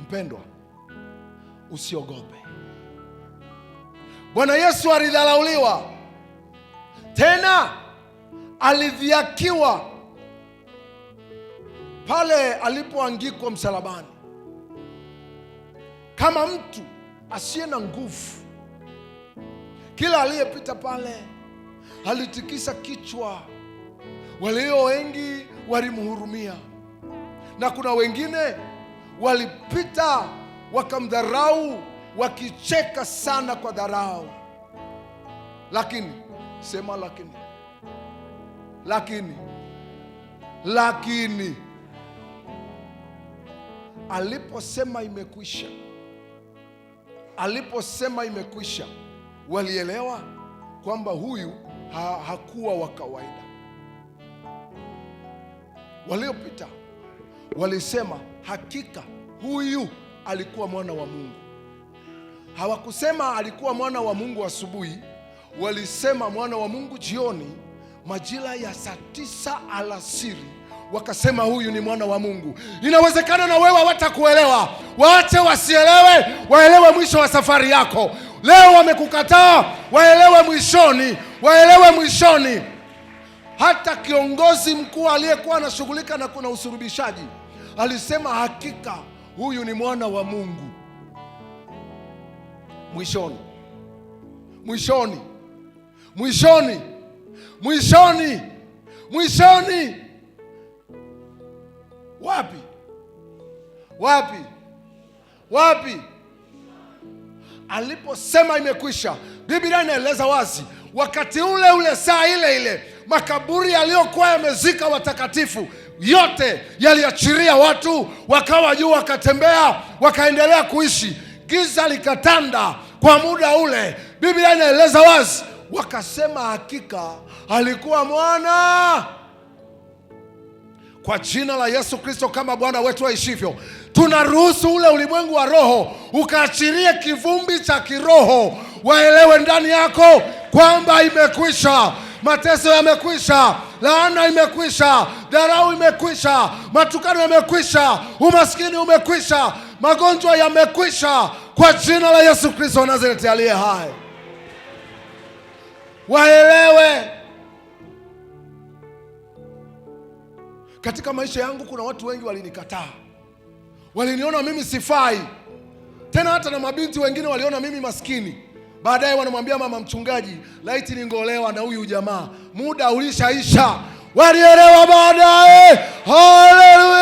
Mpendwa, usiogope. Bwana Yesu alidhalauliwa tena alidhiakiwa pale alipoangikwa msalabani, kama mtu asiye na nguvu. Kila aliyepita pale alitikisa kichwa, walio wengi walimhurumia, na kuna wengine walipita wakamdharau, wakicheka sana kwa dharau. Lakini sema lakini, lakini, lakini aliposema imekwisha, aliposema imekwisha, walielewa kwamba huyu ha hakuwa wa kawaida. Waliopita walisema hakika huyu alikuwa mwana wa Mungu. Hawakusema alikuwa mwana wa Mungu asubuhi, walisema mwana wa Mungu jioni, majira ya saa tisa alasiri wakasema huyu ni mwana wa Mungu. Inawezekana na wewe hawatakuelewa, waache wasielewe, waelewe mwisho wa safari yako. Leo wamekukataa, waelewe mwishoni, waelewe mwishoni. Hata kiongozi mkuu aliyekuwa anashughulika na kuna usurubishaji alisema hakika huyu ni mwana wa Mungu. Mwishoni, mwishoni, mwishoni, mwishoni, mwishoni, wapi wapi wapi? Aliposema imekwisha, Biblia inaeleza wazi, wakati ule ule, saa ile ile makaburi yaliyokuwa yamezika watakatifu yote yaliachiria watu, wakawa juu, wakatembea, wakaendelea kuishi. Giza likatanda kwa muda ule. Biblia inaeleza wazi, wakasema hakika alikuwa mwana. Kwa jina la Yesu Kristo, kama Bwana wetu aishivyo, tunaruhusu ule ulimwengu wa roho ukaachirie kivumbi cha kiroho. Waelewe ndani yako kwamba imekwisha mateso yamekwisha, laana imekwisha, dharau imekwisha, matukano yamekwisha, umaskini umekwisha, magonjwa yamekwisha, kwa jina la Yesu Kristo wa Nazareti aliye hai. Waelewe, katika maisha yangu kuna watu wengi walinikataa, waliniona mimi sifai tena. Hata na mabinti wengine waliona mimi maskini Baadaye wanamwambia mama mchungaji, laiti ningolewa na huyu jamaa, muda ulishaisha. Walielewa baadaye. Haleluya!